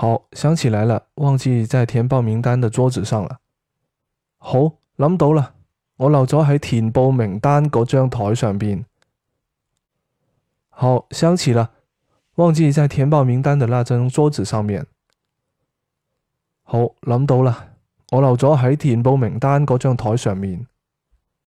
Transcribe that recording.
好，想起來了，忘記在填報名單的桌子上了。好，諗到啦，我留咗喺填報名單嗰張台上面。好，想起來了，忘記在填報名單的那張桌子上面。好，諗到啦，我留咗喺填報名單嗰張台上面。